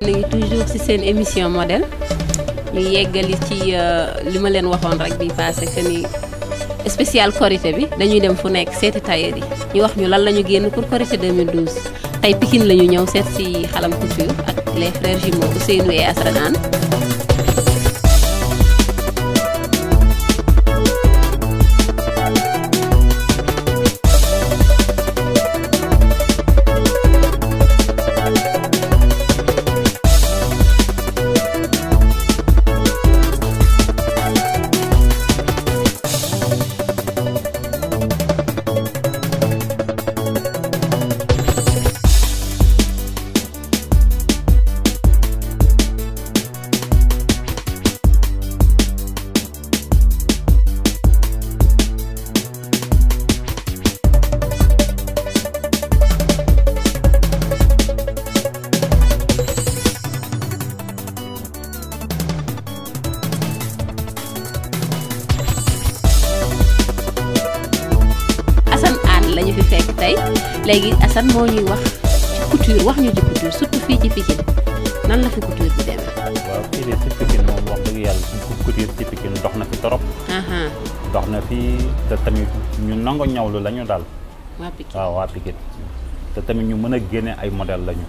léegi toujours ci seen émission modèle ñu yeggali ci euh, li ma leen waxoon rek bi passé que ni spécial Korité bi dañuy dem fu nekk seeti tailleur ñu wax ñu lan la ñu génn pour Korité 2012 tey Pikine la ñu ñëw seet ci xalam couture ak les frères jumeaux Ousseynou et Assanane léegi asan mo ñuy wax ci couture wax ñu ci couture surtout fi ci Pikine nan la fi couture bi dem waaw fi de ci Pikine mom wax dëgg yalla ci couture ci Pikine dox na fi torop. dox na fi te tamit ñu nango ñawlu lañu dal waa Pikine waaw waa Pikine te tamit ñu mëna gëné ay model lañu.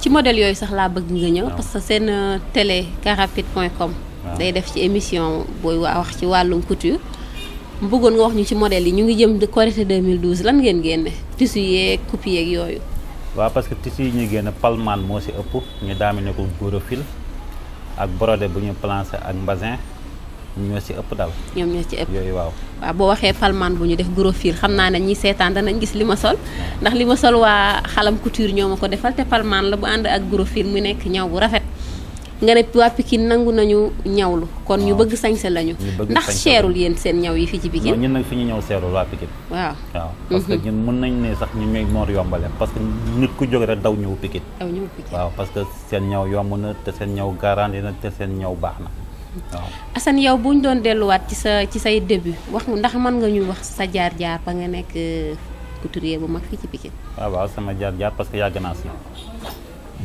ci model yoy sax la bëgg nga ñëw parce que sen euh, télé carapit.com day def ci émission boy wax ci walum couture bëggoon nga wax ñu ci modèle yi ñu ngi jëm Korité 2012 lan ngeen génne tissu yeeg coupe yeeg yooyu waaw parce que tissu ñu génn palman moo si ëpp ñu daamine ko gorofil ak brodé bu ñu plancé ak mbasin ñoo si ëpp dal ñoom ñoo ci ëpp yooyu waaw waaw boo waxee palman bu ñu def gorofil xam naa ne ñi seetaan danañ gis li ma sol ndax li ma sol waa xalam couture ñoo ma ko defal te palman la bu ànd ak gorofil mu nekk ñaw bu rafet nga ne tuwa piki nangu nañu nyawlu kon ñu bëgg sañse lañu ndax seerul yeen seen ñaw yi fi ci piki ñun nak fi ñu ñaw seerul waa Pikine waaw waaw mhm. parce que ñun mën nañ né sax ñu ñooy moor yombalé parce que nit ku jóge rek daw ñëw piki daw ñëw piki waaw parce que seen ñaw yomb na te seen ñaw garanti na te seen ñaw baxna asan yow buñ doon wat ci sa ci say début wax mu ndax man nga ñu wax sa jaar jaar ba nga nek euh, couturier bu mag fi ci piki ah, waaw sama jaar jaar parce que ya naa si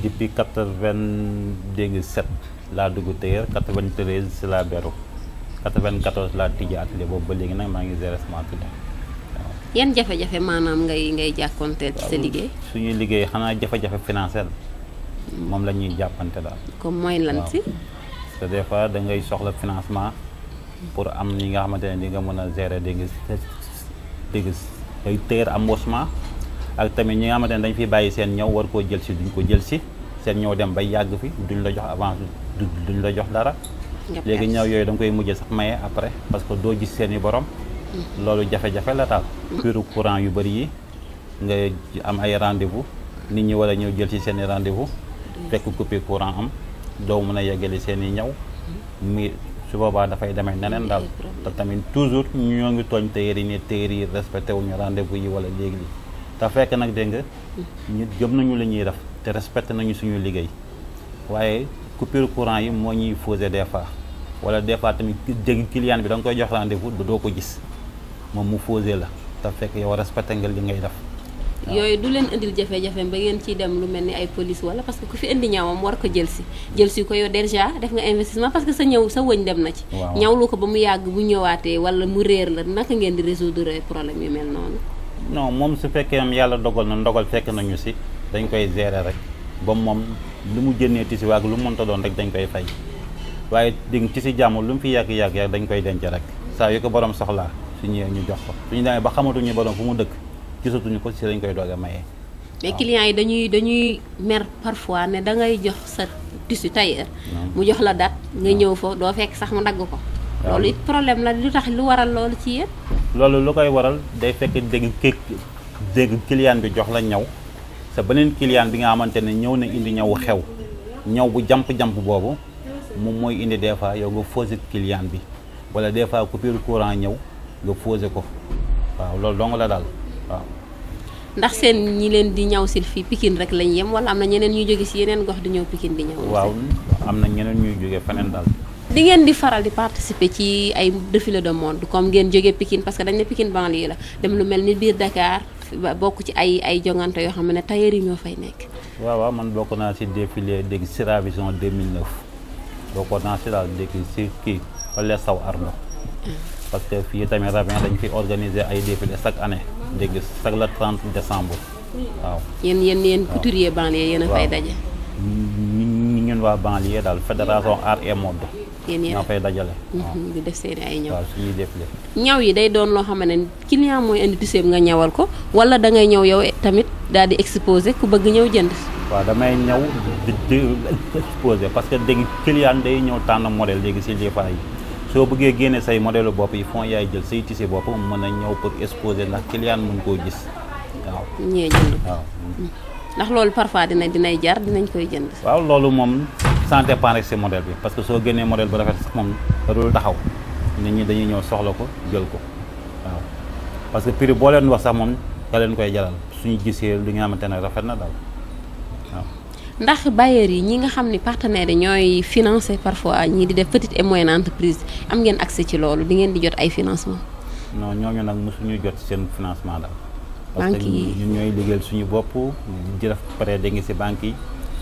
depuis quatre-vingt-sept laa dugg téyeer quatre-vingt-treize si laa beru quatre-vingt-quatorze laa tijji atelier boobu ba léegi nag maa ngi gérer sama atelier yan jafe-jafe maanaam ngay ngay jàkkonteel ci sa liggéey. suñuy liggéey xanaa jafe-jafe financier moom la ñuy jàppante daal. comme mooy lan si. parce que des fois da soxla financement pour am ñi nga xamante ne di nga mën a gérer dégg nga dégg ay téyeer ak tamit ñi nga xamante ne dañ fi bàyyi seen ñëw war koo jël si duñ ko jël si seen ñëw dem bay yàgg fi duñ la jox avant duñ la jox dara léegi ñaw yooyu danga koy mujjee sax maye après parce que doo gis seeni borom mm-hmm. loolu jafe-jafe la taal firu mm-hmm. courant yu bëri yi nga am ay rendez-vous nit ñi war a ñëw jël si seen i rendez-vous fekk coupé courant am doo mën a yeggale seen i ñëw mm-hmm. mi su boobaa dafay demee neneen daal te tamit toujours ñoo ngi tooñ téyeer yi ne téyeer yi respecté wuñu rendez-vous yi wala léegi li te fekk nag dégg nga ñu gëm nañu li ñuy def te respecté nañu suñu liggéey waaye coupure courant yi moo ñuy fausé des fois wala des fois tamit dégg client bi danga koy jox rendez-vous doo ko gis moom mu fausé la te fekk yow respecté nga li ngay def. yooyu du leen indil jafe-jafe ba ngeen ciy dem lu mel ni ay police wala parce que ku fi indi ñaawam war ko jël si jël si ko yow déjà def nga investissement parce que sa ñëw sa wëñ dem na ci. ñawlu ko ba mu yàgg bu ñëwaatee wala mu réer la naka ngeen di résoudre problème yu mel non moom su fekkee moom yàlla dogal na ndogal fekk nañu si dañ koy gérer rek ba moom lu mu jënnee tisi waag lu mu mënta doon rek dañ koy fay waaye dégg si jàmm lu mu fi yàgg yàgg yàgg dañ koy denc rek saa yu ko borom soxlaa su ñëwee ñu jox ko suñu demee ba xamatuñu borom fu mu dëkk gisatuñu ko si dañ koy doog a maye. mais clients yi dañuy dañuy mer parfois ne da ngay jox sa tissu tailleur mu jox la dat nga ñëw fa doo fekk sax mu dagg ko. loolu it problème la lu tax loolu lu koy waral day fekk dégg kii dégg client bi jox la ñaw sa beneen client bi nga xamante ne ñëw na indi ñawu xew ñaw bu jamp-jamp boobu moom mooy indi des fois yow nga fausé client bi wala des fois coupure courant ñëw nga fausé ko waaw loolu dong la daal waaw ndax seen ñi leen di ñaw sil fii Pikine rek lañ yem wala am na ñeneen ñuy jóge si yeneen gox di ñëw Pikine di ñaw waaw am na ñeneen ñuy jóge feneen daal di ngeen di faral di participer ci ay défilé de mode comme ngeen jógee Pikine parce que dañ ne Pikine banlieue la dem lu mel ni biir Dakar bokk ci ay ay jongante yoo xam ne tailleur yi ñoo fay nekk. waaw man bokk naa si défilé dégg Sira Vision 2009 bokkoon naa si daal dégg si kii wala saw arno parce que fii tamit Ravin fi organiser ay défilé chaque année dégg chaque le 30 décembre waaw. yéen yéen yéen couturier banlieue yéen a fay daje. ñun ñun waa daal fédération art et mode. yéen yéen ñoo koy dajale. Mhm, di def seen ay ñaw yi day doon loo xam ne client mooy indi tissu nga ñawal ko wala da ngay ñëw yow tamit daal di exposé ku bëgg ñëw jënd. waaw damay ñaw di di exposé parce que dégg kiliyaan day ñëw tànn modèle léegi si des fois yi soo bëggee génne say modèle bopp yi fond yaay jël say tissu bopp mën a ñëw pour exposé ndax client mën koo gis waaw. waaw. Mhm. ndax loolu parfois dina dinay jar dinañ koy jënd. waaw loolu moom. pas rek si modèle bi parce que so guéné modèle bu rafet mom moom dul taxaw nit ñi dañuy ñëw soxla ko jël ko waaw parce que prix bo leen wax sax mom da leen koy jalal suñu gisé lu nga xamante ne rafet na dal waaw ndax bailleur yi ñi nga xamni partenaire ñoy financer parfois ñi di def petite et moyenne entreprise am ngeen accès ci loolu di ngeen di jot ay financement non ñooñu nag mosuñu jot seen financement dal banki ñun ñoy liggéeyal suñu bop di def prêt da ngi si banki.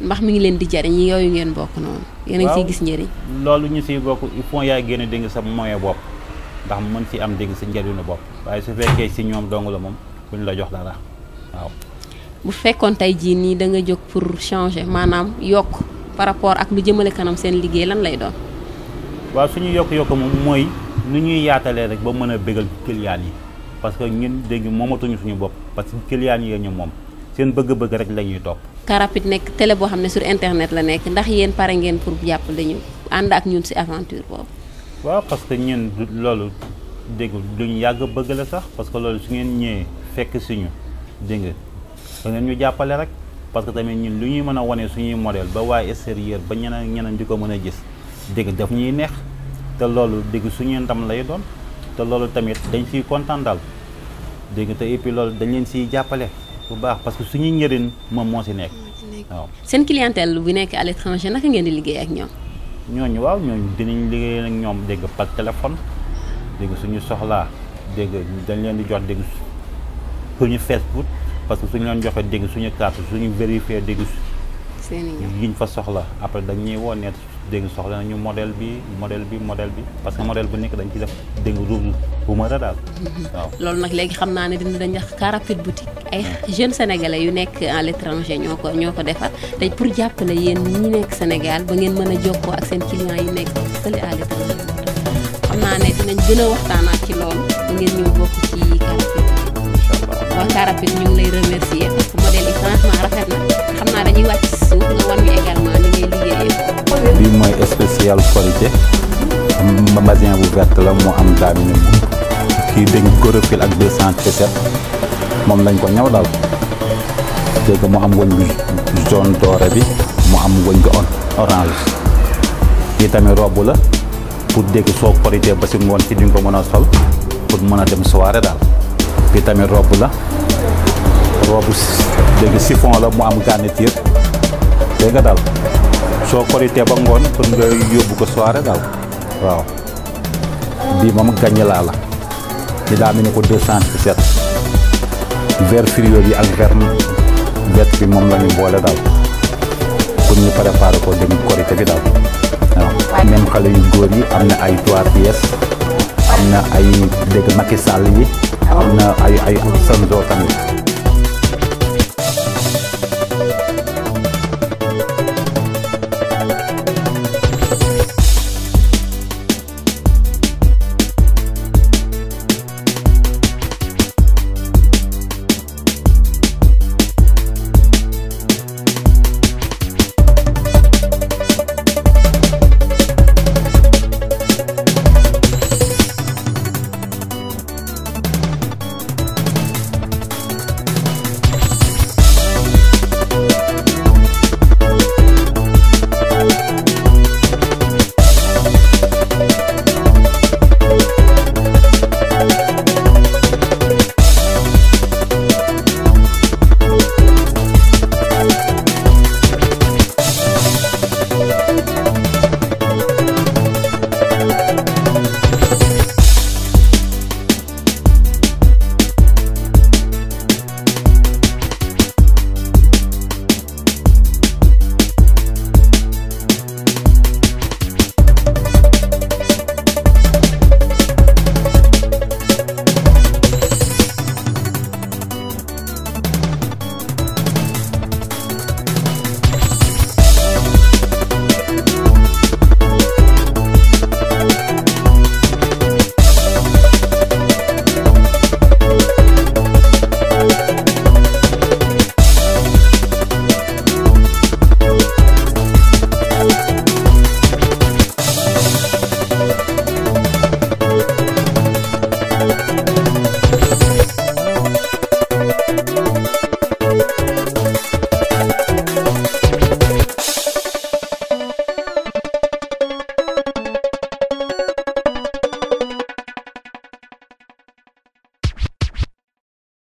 ndax mi ngi leen di jariñ yoyu ngeen bok non yeen ngi ci gis njëriñ loolu ñu ci bok il faut ya gene dégg sa moye bopp ndax mën ci am ci sa njëriñu bopp waye su fekke ci ñom dong la mom buñ la jox dara waaw bu fekkon tay ji ni da nga jog pour changer manam yok par rapport ak lu jëmele kanam seen liggéey lan lay doon waaw suñu yok yok mom moy nu ñuy yaatalé rek ba mëna bëggal client yi parce que ñun dégg momatuñu suñu bopp parce que client yi ñu mom seen bëgg-bëgg rek lañuy top karapit nek télé bo xamné sur internet la nek ndax yeen paré ngeen pour jàppale ñu and ak ñun ci aventure boobu. wa parce que ñun lolu dégg duñ yag bëgg la sax parce que lolu su ngeen ñëwee fekk suñu ñu dégg nga da ngeen ñu jappalé rek parce que tamit ñun lu ñuy mën a wane suñuy ba way extérieur ba ñana ñana diko mëna gis dégg daf ñuy neex té lolu dégg suñu ndam lay doon té lolu tamit dañ ciy content dal dégg té épi lolu dañ leen ci jappalé bu baax parce que suñuy njëriñ moom moo si nekk waaw. seen clientèle bu nekk à l'étranger naka ngeen di liggéey ak ñoom. ñooñu waaw ñooñu dinañ liggéey nag ñoom dégg par téléphone dégg suñu soxlaa dégg dañ leen di jox dégg suñu Facebook parce que suñu leen joxee dégg suñu carte suñu vérifié dégg. seen yiñ fa soxla après dañuy woo ne dégg soxla nañu modèle bi modèle bi modèle bi parce que modèle bu nekk dañ ci def dégg ruubu bu mën a daal mhm. waaw. loolu nag léegi xam naa ne dina dañ wax car rapide ay mhm. jeunes sénégalais yu nekk à l'étranger ñoo ko ñoo ko defar te pour jàppale yéen ñi nekk Sénégal ba ngeen mën a jokkoo ak seen clients yi nekk fële à l'étranger xam naa ne dinañ gën a waxtaanaat ci loolu ba ñëw bokk ci awa karapit ñu ngi lay remercier parce que modèle yi franchement rafet na xam naa dañuy wàcc suuf nga wan ñu également ni ngay liggéeyee bi mooy spécial korité magasin bu vert la mu am daamine kii dañ ko refil ak 217 moom lañ ko ñaw daal dégg mu am wëñ bi jaune doré bi mu am wëñ orange tamit la pour dégg soo ba si ngoon duñ ko mën a sol pour mën a dem soirée daal bi tamit robe la robe léegi sifon la mu am garniture dégg nga daal soo korité ba ngoon pour nga yóbbu ko soirée dal waaw bi mom gàññi la la li da mi ko 217 vert frio bi ak vert vert bi mom la ñu bolé dal pour ñu préparer ko dem korité bi dal waaw même xale yu góor yi am ay 3 pièces na ay dégg Macky yi na ay ayo am seen